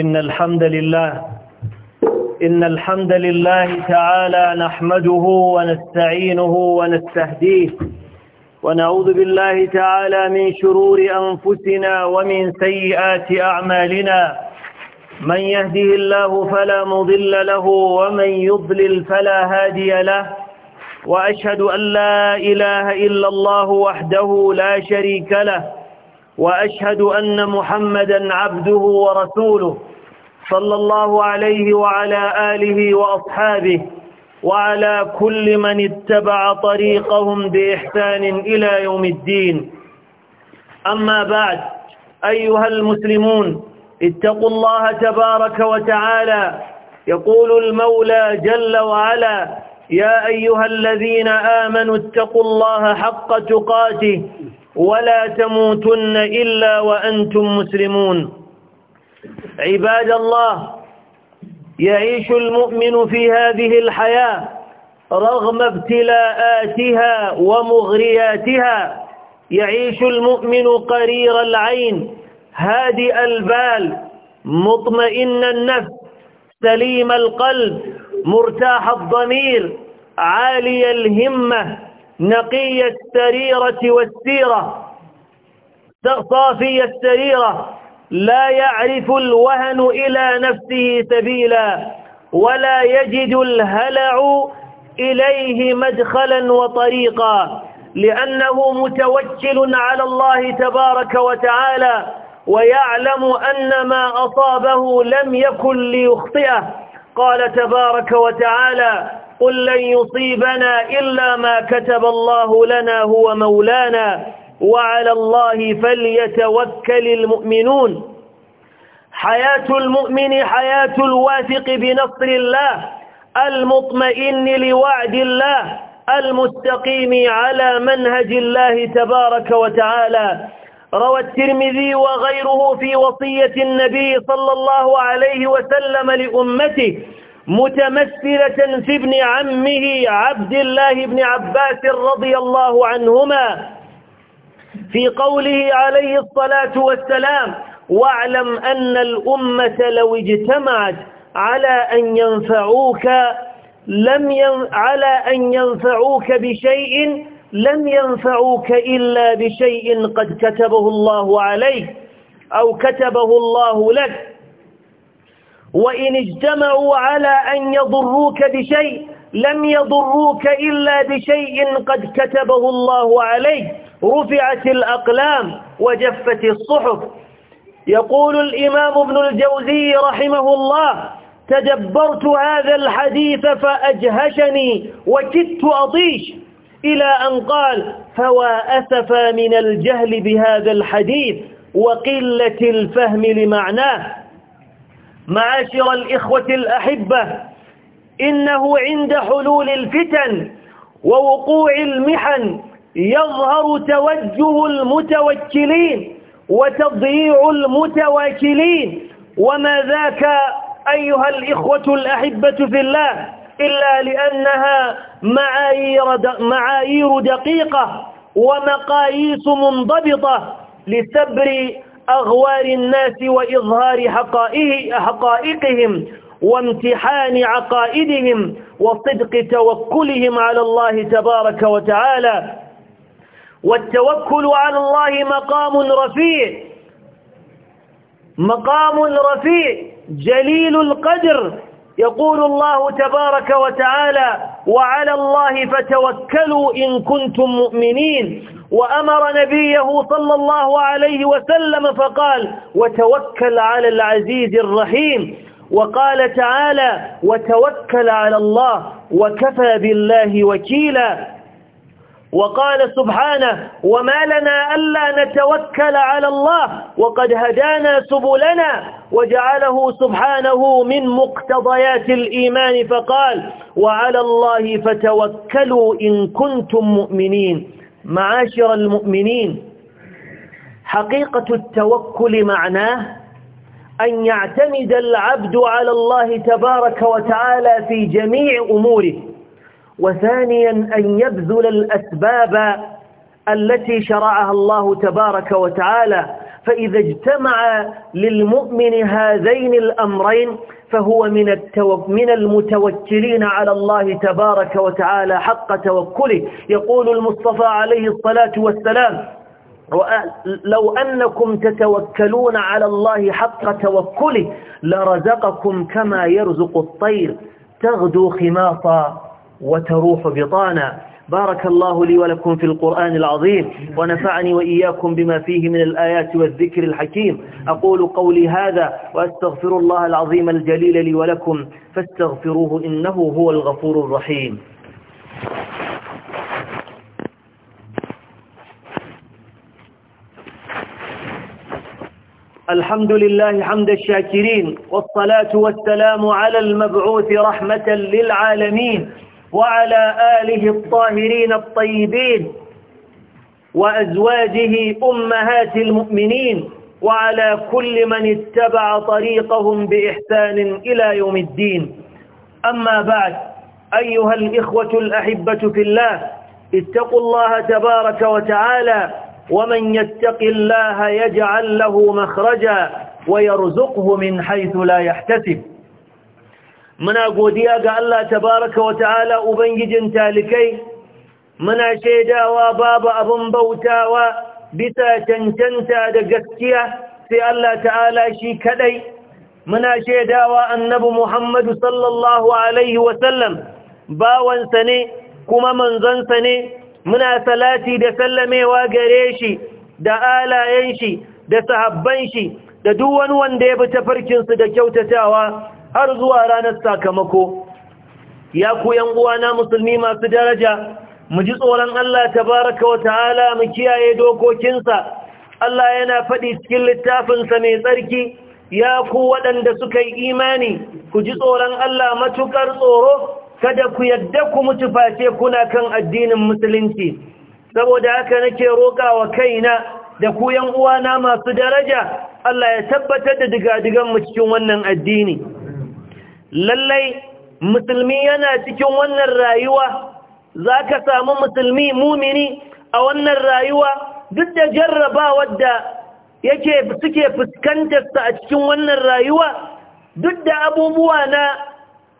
إن الحمد لله إن الحمد لله تعالى نحمده ونستعينه ونستهديه ونعوذ بالله تعالى من شرور أنفسنا ومن سيئات أعمالنا من يهده الله فلا مضل له ومن يضلل فلا هادي له وأشهد أن لا إله إلا الله وحده لا شريك له وأشهد أن محمدا عبده ورسوله صلى الله عليه وعلى آله وأصحابه وعلى كل من اتبع طريقهم بإحسان إلى يوم الدين أما بعد أيها المسلمون اتقوا الله تبارك وتعالى يقول المولى جل وعلا يا أيها الذين آمنوا اتقوا الله حق تقاته ولا تموتن إلا وأنتم مسلمون عباد الله يعيش المؤمن في هذه الحياة رغم ابتلاءاتها ومغرياتها يعيش المؤمن قرير العين هادئ البال مطمئن النفس سليم القلب مرتاح الضمير عالي الهمة نقي السريرة والسيرة صافي السريرة لا يعرف الوهن إلى نفسه سبيلا ولا يجد الهلع إليه مدخلا وطريقا لأنه متوكل على الله تبارك وتعالى ويعلم أن ما أصابه لم يكن ليخطئه قال تبارك وتعالى قل لن يصيبنا إلا ما كتب الله لنا هو مولانا وعلى الله فليتوكل المؤمنون حياة المؤمن حياة الواثق بنصر الله المطمئن لوعد الله المستقيم على منهج الله تبارك وتعالى روى الترمذي وغيره في وصية النبي صلى الله عليه وسلم لأمته متمثلة في ابن عمه عبد الله بن عباس رضي الله عنهما في قوله عليه الصلاة والسلام واعلم أن الأمة لو اجتمعت على أن ينفعوك لم ين... على أن ينفعوك بشيء لم ينفعوك إلا بشيء قد كتبه الله عليك أو كتبه الله لك وإن اجتمعوا على أن يضروك بشيء لم يضروك إلا بشيء قد كتبه الله عليك رفعت الأقلام وجفت الصحف يقول الإمام ابن الجوزي رحمه الله تدبرت هذا الحديث فأجهشني وكدت أطيش إلى أن قال فوا أسفا من الجهل بهذا الحديث وقلة الفهم لمعناه معاشر الإخوة الأحبة إنه عند حلول الفتن ووقوع المحن يظهر توجه المتوكلين وتضييع المتواكلين وما ذاك أيها الإخوة الأحبة في الله إلا لأنها معايير, معايير دقيقة ومقاييس منضبطة لسبر أغوار الناس وإظهار حقائقهم وامتحان عقائدهم وصدق توكلهم على الله تبارك وتعالى والتوكل على الله مقام رفيع مقام رفيع جليل القدر يقول الله تبارك وتعالى وعلى الله فتوكلوا إن كنتم مؤمنين وأمر نبيه صلى الله عليه وسلم فقال وتوكل على العزيز الرحيم وقال تعالى وتوكل على الله وكفى بالله وكيلا وقال سبحانه وما لنا ألا نتوكل على الله وقد هدانا سبلنا وجعله سبحانه من مقتضيات الإيمان فقال وعلى الله فتوكلوا إن كنتم مؤمنين معاشر المؤمنين حقيقة التوكل معناه أن يعتمد العبد على الله تبارك وتعالى في جميع أموره وثانيا أن يبذل الأسباب التي شرعها الله تبارك وتعالى فإذا اجتمع للمؤمن هذين الأمرين فهو من التو... من المتوكلين على الله تبارك وتعالى حق توكله يقول المصطفى عليه الصلاة والسلام لو أنكم تتوكلون على الله حق توكله لرزقكم كما يرزق الطير تغدو خماصا وتروح بطانا بارك الله لي ولكم في القرآن العظيم ونفعني وإياكم بما فيه من الآيات والذكر الحكيم أقول قولي هذا وأستغفر الله العظيم الجليل لي ولكم فاستغفروه إنه هو الغفور الرحيم الحمد لله حمد الشاكرين والصلاة والسلام على المبعوث رحمة للعالمين وعلى آله الطاهرين الطيبين وأزواجه أمهات المؤمنين وعلى كل من اتبع طريقهم بإحسان إلى يوم الدين أما بعد أيها الإخوة الأحبة في الله اتقوا الله تبارك وتعالى ومن يتق الله يجعل له مخرجا ويرزقه من حيث لا يحتسب muna godiya ga Allah tabaraka wa ta'ala ubangijin talikai muna shaidawa babu abin bautawa bisa cancanta da gaskiya sai Allah ta'ala shi kadai muna shaidawa annabi Muhammadu sallallahu alaihi wa sallam bawansa ne kuma manzonsa ne muna salati da sallamewa gare shi da alayen shi da sahabban shi da duk wani wanda ya bi tafarkinsu da kyautatawa har zuwa ranar sakamako ya ku yan uwana musulmi masu daraja mu ji tsoron Allah tabaraka wa ta'ala mu kiyaye dokokinsa Allah yana faɗi cikin littafinsa mai tsarki ya ku waɗanda suka yi imani ku ji tsoron Allah matukar tsoro kada ku yadda ku mutu face kuna kan addinin musulunci saboda haka nake wa kaina da ku yan uwana masu daraja Allah ya tabbatar da digadigan mu cikin wannan addini lallai musulmi yana cikin wannan rayuwa za ka samu musulmi mumini a wannan rayuwa duk da jarrabawar da yake suke fuskantarsa a cikin wannan rayuwa duk da abubuwa na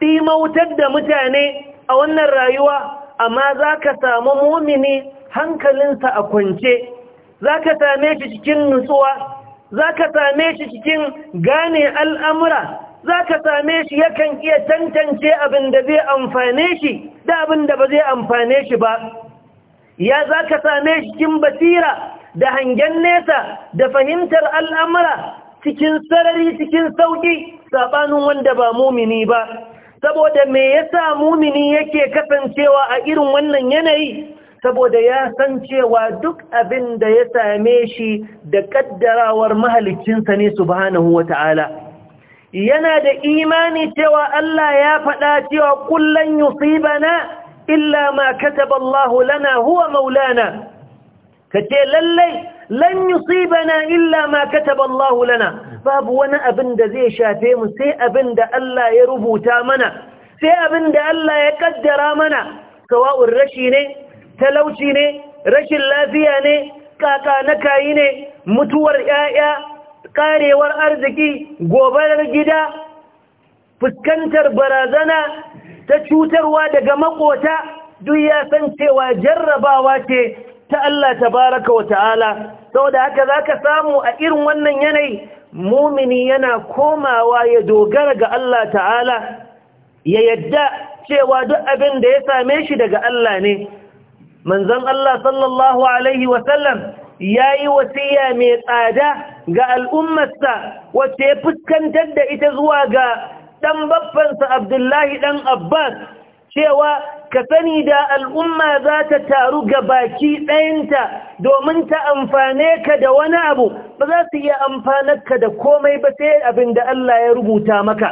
ɗimautar da mutane a wannan rayuwa amma za ka samu mumini hankalinsa a kwance za ka same shi cikin nutsuwa za ka same shi cikin gane al'amura za ka same shi yakan iya tantance abin da zai amfane shi da abin da ba zai amfane shi ba ya za ka same shi cikin basira da hangen nesa da fahimtar al'amura cikin sarari cikin sauƙi saɓanin wanda ba mumini ba saboda me yasa mumini yake kasancewa a irin wannan yanayi saboda ya san cewa duk abin da ya same shi da ƙaddarawar mahalicinsa ne subhanahu wata'ala yana da imani cewa Allah ya faɗa cewa kullun yusibana illa ma kataba lana huwa maulana kace lallai lan yusibana illa ma kataba lana babu wani abin da zai shafe mu sai abin da Allah ya rubuta mana sai abin da Allah ya kaddara mana sawa'un rashi ne talauci ne rashin lafiya ne kaka na kayi ne mutuwar 'ya'ya. karewar arziki gobarar gida fuskantar barazana ta cutarwa daga makota duk ya san cewa jarrabawa ce ta Allah tabaraka wa ta'ala saboda haka zaka samu a irin wannan yanayi mumini yana komawa ya dogara ga Allah ta'ala ya yadda cewa duk abin da ya same shi daga Allah ne manzon Allah sallallahu alaihi wa sallam yayi wasiya mai tsada ga al'ummarsa wacce ya fuskantar da ita zuwa ga ɗan babbansa abdullahi ɗan abbas cewa ka sani da al'umma za ta taru ga baki ɗayanta domin ta amfane ka da wani abu ba za su iya amfanar ka da komai ba sai abin da Allah ya rubuta maka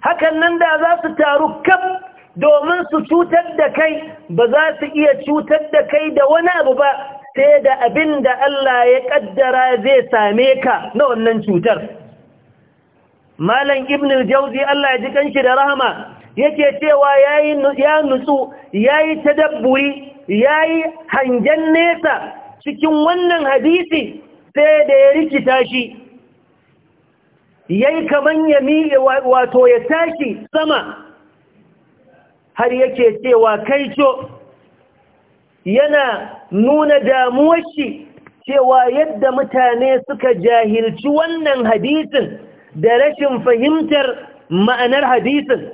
hakan nan da za su taru kaf domin su cutar da kai ba za su iya cutar da kai da wani abu ba sai da abin da Allah ya ƙaddara zai same ka na wannan cutar malam ibn jauzi Allah ya ji kanshi da rahama yake cewa yayi ya nutsu yayi tadabburi yayi hangen nesa cikin wannan hadisi sai da ya rikita shi yayi kamar ya miƙe wato ya tashi sama har yake cewa kai co. yana nuna damuwar shi cewa yadda mutane suka jahilci wannan hadisin da rashin fahimtar ma'anar hadisin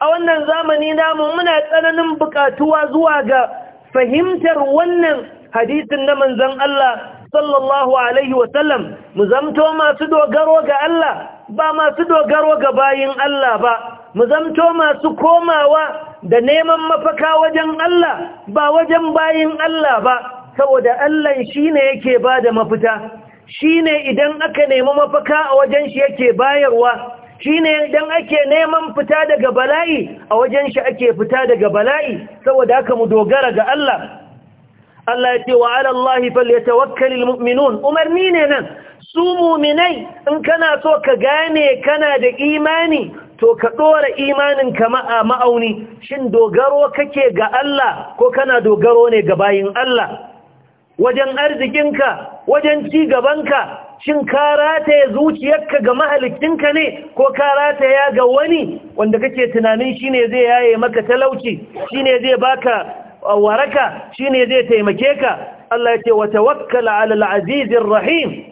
a wannan zamani namu muna tsananin bukatuwa zuwa ga fahimtar wannan hadisin na manzon Allah sallallahu alaihi wasallam mu zamto masu dogaro ga Allah ba masu dogaro ga bayin Allah ba mu zamto masu komawa da neman mafaka wajen Allah ba wajen bayin Allah ba saboda Allah shi ne yake bada mafita Shi ne idan aka nemi mafaka a wajen shi yake bayarwa shi ne idan ake neman fita daga bala'i a wajen shi ake fita daga bala'i saboda aka mu dogara ga Allah Allah ya ce wa ala Allah mu'minun umarni ne nan su mu'minai in kana so ka gane kana da imani to ka ɗora imanin ka ma'auni shin dogaro kake ga Allah ko kana dogaro ne ga bayin Allah wajen arzikinka wajen ci gabanka shin ka rataye zuciyarka ga mahalikinka ne ko ka rataya ga wani wanda kake tunanin shine zai yaye maka talauci shine zai baka waraka shine zai taimake ka Allah ya ce wa tawakkal ala al-azizir rahim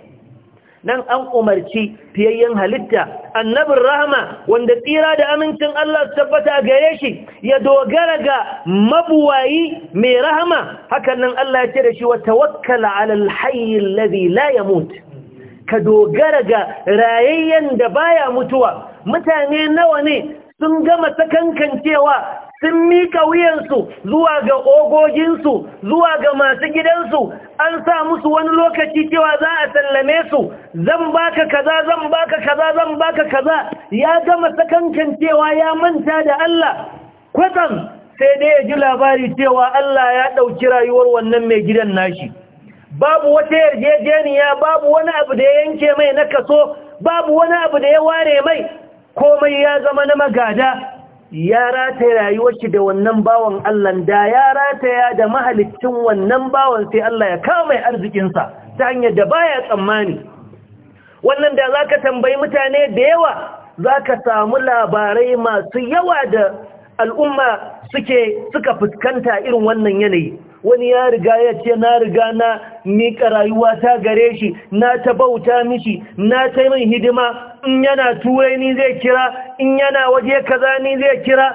nan an umarci fiyayyen halitta annabin rahama wanda tsira da amincin Allah su tabbata gare shi ya dogara ga mabuwayi mai rahama hakan nan Allah ya ce da shi wa tawakkala ala alhayy alladhi la yamut ka dogara ga rayayyen da baya mutuwa mutane nawa ne sun gama sakankancewa sun mika wuyansu zuwa ga ogoginsu zuwa ga masu gidansu an sa musu wani lokaci cewa za a sallame su zan baka kaza zan baka kaza zan baka kaza ya gama sakankan cewa ya manta da Allah kwatan sai dai ya ji labari cewa Allah ya ɗauki rayuwar wannan mai gidan nashi babu wata yarjejeniya babu wani abu da ya yanke mai na kaso babu wani abu da ya ware mai komai ya zama na magada ya rataya rayuwar da wannan bawan Allah da ya rataya da mahalicin wannan bawan sai Allah ya kawo mai arzikinsa ta hanyar da baya tsammani wannan da zaka tambayi mutane da yawa za ka samu labarai masu yawa da al'umma suke suka fuskanta irin wannan yanayi wani ya riga ya ce na riga na miƙa rayuwa ta gare shi na ta bauta mishi na ta mai hidima in yana turai ni zai kira in yana waje kaza ni zai kira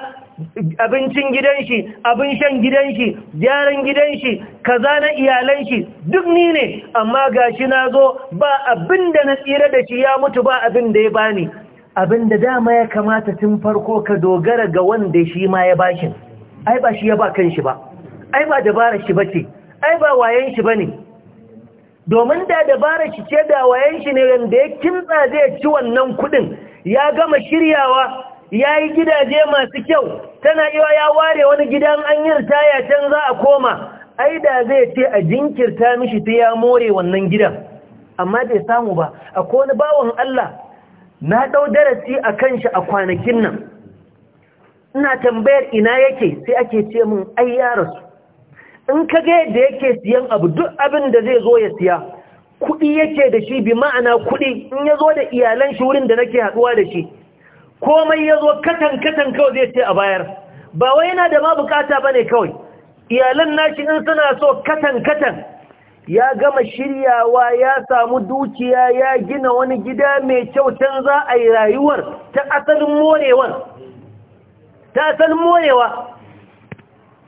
abincin gidan shi abin shan gidan shi gyaran gidan shi kaza na iyalan shi duk ni ne amma ga shi na zo ba abin da na tsira da shi ya mutu ba abin da ya bani abin da dama ya kamata tun farko ka dogara ga wanda shi ma ya bashin ai ba shi ya ba kanshi ba ai ba dabarar shi bace ai ba wayen shi bane domin da dabarar shi ce da wayen shi ne wanda ya kintsa zai ci wannan kudin ya gama shiryawa ya yi gidaje masu kyau tana iya ya ware wani gidan an yi ritaya can za a koma ai da zai ce a jinkirta mishi ta ya more wannan gidan amma bai samu ba akwai wani bawan Allah na ɗau darasi a kanshi a kwanakin nan ina tambayar ina yake sai ake ce min ai ya rasu in ka ga yadda yake siyan abu duk abin da zai zo ya siya kuɗi yake da shi bi ma'ana kuɗi in ya zo da iyalan shi wurin da nake haɗuwa da shi komai ya zo katan katan kawai zai ce a bayar ba wai yana da ma bukata ba ne kawai iyalan nashi in suna so katan katan ya gama shiryawa ya samu dukiya ya gina wani gida mai kyau can za a yi rayuwar ta asalin morewa ta asalin morewa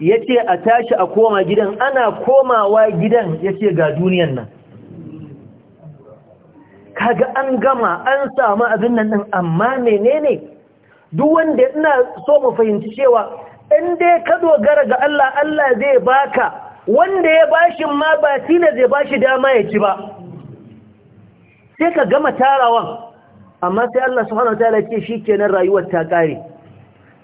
ya ce a tashi a koma gidan ana komawa gidan ya ce ga duniyan nan kaga an gama an samu abin nan ɗin amma menene duk wanda ina so mu fahimci cewa in dai ka dogara ga Allah Allah zai baka wanda ya bashi ma ba Tila zai bashi dama ya ci ba sai ka gama tarawan amma sai Allah subhanahu wataala ya ce shikenan rayuwar ta kare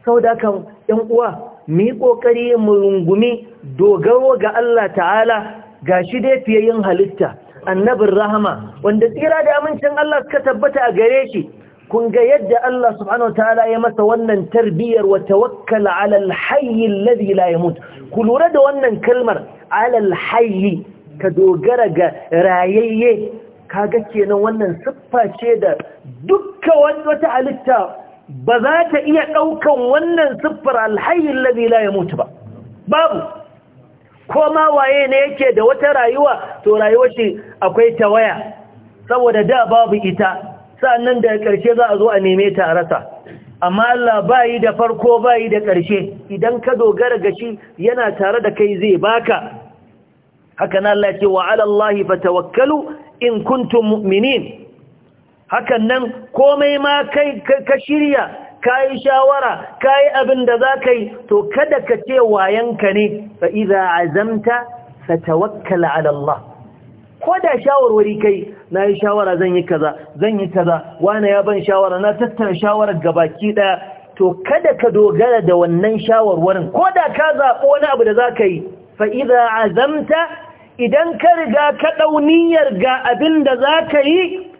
saboda kan 'yan uwa mu kokari ƙoƙari mu rungumi dogaro ga Allah ta'ala ga shi dai fiye halitta annabin rahama wanda tsira da amincin Allah suka tabbata a gare shi kun ga yadda Allah subhanahu ta'ala ya masa wannan tarbiyyar wa tawakkala ala alhayy alladhi la yamut ku lura da wannan kalmar ala ka dogara ga rayayye kaga kenan wannan siffa ce da dukkan wata halitta ba za ta iya ɗaukan wannan siffar alhayin labila ya mutu ba babu Ko ma waye ne yake da wata rayuwa to rayuwa ce akwai ta waya saboda da babu ita nan da ƙarshe za a zo a neme ta rasa amma Allah bayi da farko bayi da ƙarshe idan ka dogara ga shi yana tare da kai zai baka haka na Allah ce wa fatawakkalu in kuntum mu'minin hakan nan komai ma kai ka shirya ka yi shawara ka yi abin da za ka yi to kada ka ce wayanka ne fa iza azamta fa tawakkala ala Allah ko da shawarwari kai na yi shawara zan yi kaza zan yi kaza wani ya ban shawara na tattara shawarar gabaki daya to kada ka dogara da wannan shawarwarin ko da ka zaɓo wani abu da za ka yi fa iza azamta idan ka riga ka ɗauniyar ga abin da za ka yi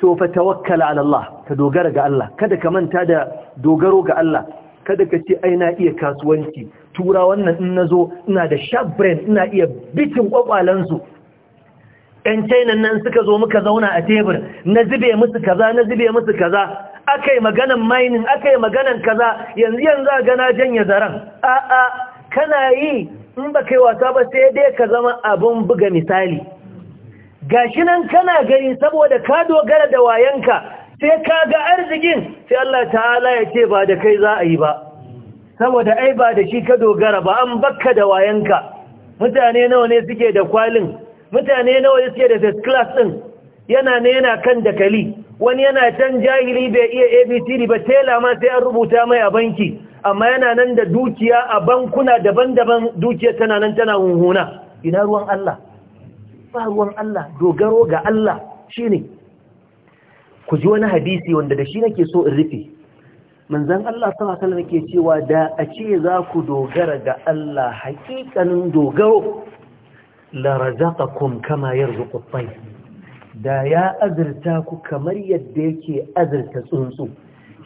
to fa tawakkala ala Allah ka dogara ga Allah kada ka manta da dogaro ga Allah kada ka ce ai na iya kasuwanci tura wannan in nazo ina da sharp brain ina iya bitin kwakwalan su ɗan China nan suka zo muka zauna a tebur na zube musu kaza na zube musu kaza akai maganan mining akai maganan kaza yanzu yanzu ga na janye zaran a a kana yi in ba kai wasa ba sai dai ka zama abun buga misali gashi nan kana gani saboda ka dogara da wayanka sai ka ga arzikin sai Allah ta'ala ya ce ba da kai za a yi ba saboda ai ba da shi ka dogara ba an bakka da wayanka mutane nawa ne suke da kwalin mutane nawa ne suke da first class din yana ne yana kan dakali wani yana can jahili bai iya abcd ba tela ma sai an rubuta mai a banki amma yana nan da dukiya a bankuna daban-daban dukiya tana nan tana hunhuna ina ruwan Allah ba ruwan Allah dogaro ga Allah shine ku ji wani hadisi wanda da shi nake so in rufe manzan Allah sama kala nake cewa da a ce za ku dogara ga Allah hakikanin dogaro la razaqakum kama yarzuqu at-tayr da ya azurta ku kamar yadda yake azurta tsuntsu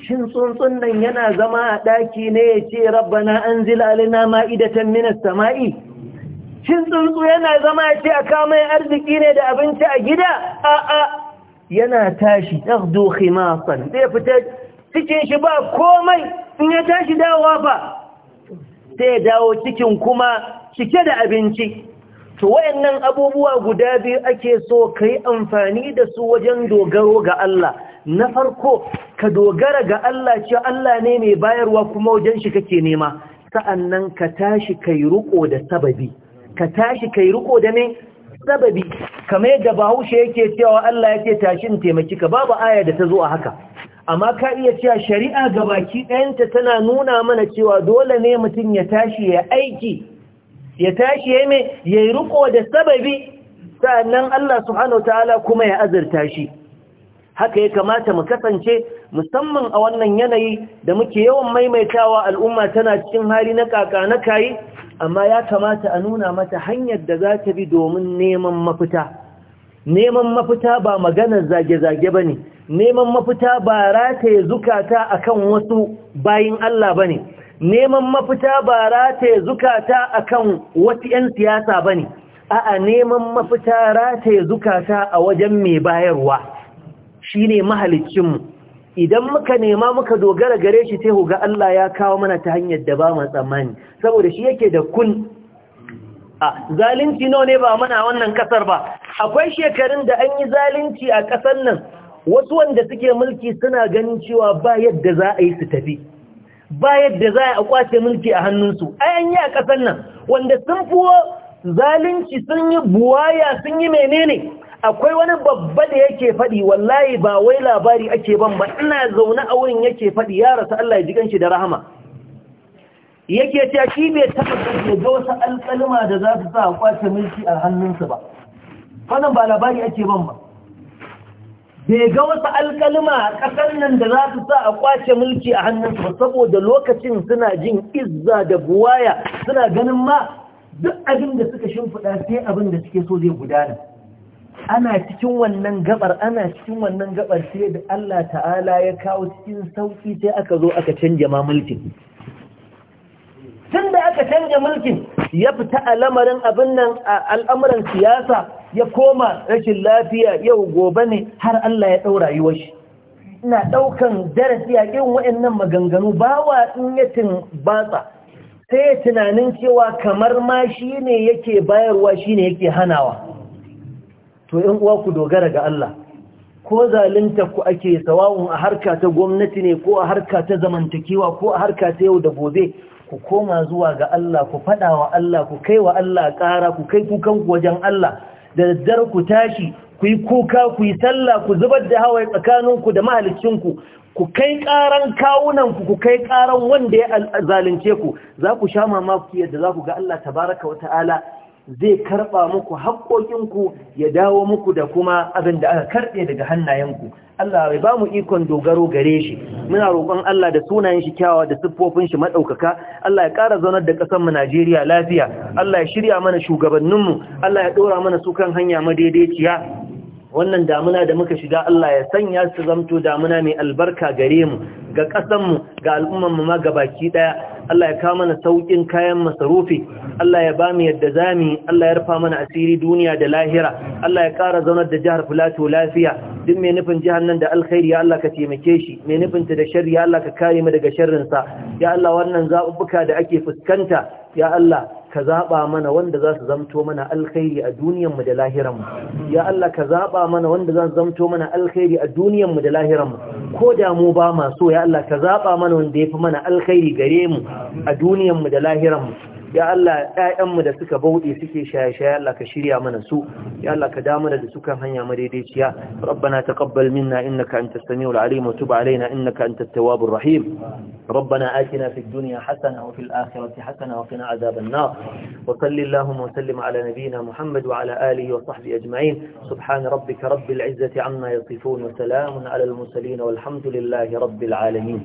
shin tsuntsun nan yana zama a daki ne ya ce rabbana anzil alaina ma'idatan minas sama'i shin tsuntsu yana zama ce a kamar arziki ne da abinci a gida a'a yana tashi masu khimasan zai fita cikin shi ba komai in ya tashi dawa ba sai ya dawo cikin kuma cike da abinci to wayannan abubuwa guda biyu ake so ka yi amfani da su wajen dogaro ga Allah na farko ka dogara ga Allah ce Allah ne mai bayarwa kuma wajen shi kake nema sa'annan ka tashi kai ruko da sababi ka tashi kai riko da me sababi kamar yadda bahaushe yake cewa Allah yake tashin taimaki ka babu aya da ta zo a haka amma ka iya cewa shari'a gabaki ɗayanta tana nuna mana cewa dole ne mutum ya tashi ya aiki ya tashi ya me ya yi riko da sababi sannan Allah subhanahu ta'ala kuma ya azurta shi haka ya kamata mu kasance musamman a wannan yanayi da muke yawan maimaitawa al'umma tana cikin hali na kaka na kayi amma ya kamata a nuna mata hanyar da za ta bi domin neman mafita neman mafita ba maganar zage-zage ba ne neman mafita ba rataye zukata a kan wasu bayin Allah ba ne neman mafita ba rataye zukata a kan wasu 'yan siyasa ba ne a'a neman mafita rataye zukata a wajen mai bayarwa shi ne mahalicinmu idan muka nema muka dogara gare shi sai ga Allah ya kawo mana ta hanyar da ba mu tsammani saboda shi yake da kun a zalunci nawa ne ba muna wannan kasar ba akwai shekarun da an yi zalunci a kasar nan wasu wanda suke mulki suna ganin cewa ba yadda za a yi su tafi ba yadda za a kwace mulki a hannunsu ai an yi a kasar nan wanda sun fuwo zalunci sun yi buwaya sun yi menene akwai wani babba da yake faɗi wallahi ba wai labari ake ban ba ina zaune a wurin yake faɗi ya rasu Allah ya ji da rahama yake ta shi bai taɓa ya ga wasu alƙalma da za su sa kwace mulki a hannunsa ba fannin ba labari ake ban ba bai ga wasu alƙalma a ƙasar nan da za su sa a kwace mulki a hannunsa ba saboda lokacin suna jin izza da buwaya suna ganin ma duk abin da suka shimfiɗa sai abin da suke so zai gudana ana cikin wannan gabar ana cikin wannan gabar sai da Allah ta'ala ya kawo cikin sauki sai aka zo aka canja ma mulkin tun da aka canja mulkin ya fita a lamarin abin nan a al'amuran siyasa ya koma rashin lafiya yau gobe ne har Allah ya ɗau rayuwar shi ina ɗaukan darasi a irin waɗannan maganganu bawa in ya batsa sai tunanin cewa kamar ma shi ne yake bayarwa shi ne yake hanawa to in uwa ku dogara ga Allah ko zalunta ku ake tsawon a harka ta gwamnati ne ko a harka ta zamantakewa ko a harka ta yau da gobe ku koma zuwa ga Allah ku fada wa Allah ku kai wa Allah ƙara ku kai kukanku wajen Allah da daddar ku tashi ku yi kuka ku yi sallah ku zubar da hawaye tsakaninku da mahalicinku ku kai ƙaran kawunanku ku kai ƙaran wanda ya zalunce ku za ku sha mamaki yadda za ku ga Allah tabaraka wa ta'ala zai karɓa muku haƙoƙinku ya dawo muku da kuma abin da aka karɓe daga hannayenku Allah bai ba mu ikon dogaro gare shi muna roƙon Allah da sunayen shi kyawawa da siffofin shi maɗaukaka. Allah ya ƙara zaunar da ƙasar mu Najeriya lafiya Allah ya shirya mana shugabanninmu Allah ya ɗora mana su kan hanya madaidaiciya wannan damuna da muka shiga Allah ya sanya su zamto damuna mai albarka gare mu ga ƙasanmu ga al'ummanmu ma ga baki ɗaya Allah ya kawo mana sauƙin kayan masarufi Allah ya ba mu yadda za mu Allah ya rufa mana asiri duniya da lahira Allah ya ƙara zaunar da jihar Filato lafiya duk mai nufin jihar nan da alkhairi ya Allah ka taimake shi mai nufinta da shari, ya Allah ka kare mu daga sharrinsa ya Allah wannan zaɓuɓɓuka da ake fuskanta ya Allah ka zaɓa mana wanda za su zamto mana alkhairi a duniyanmu da lahiranmu ya Allah ka zaɓa mana wanda za su zamto mana alkhairi a duniyanmu da lahiranmu ko da mu ba ma so ya Allah ka zaba mana wanda ya fi mana alkhairi gare mu a duniyar mu da lahiranmu mu ya Allah ƴaƴanmu da suka bauɗe suke shaye-shaye Allah ka shirya mana su ya Allah ka damu da su kan hanya madaidaiciya rabbana taqabbal minna innaka antas samiul alim wa tub alaina innaka antat tawwabur rahim ربنا آتنا في الدنيا حسنة وفي الآخرة حسنة وقنا عذاب النار وصل اللهم وسلم على نبينا محمد وعلى آله وصحبه أجمعين سبحان ربك رب العزة عما يصفون وسلام على المرسلين والحمد لله رب العالمين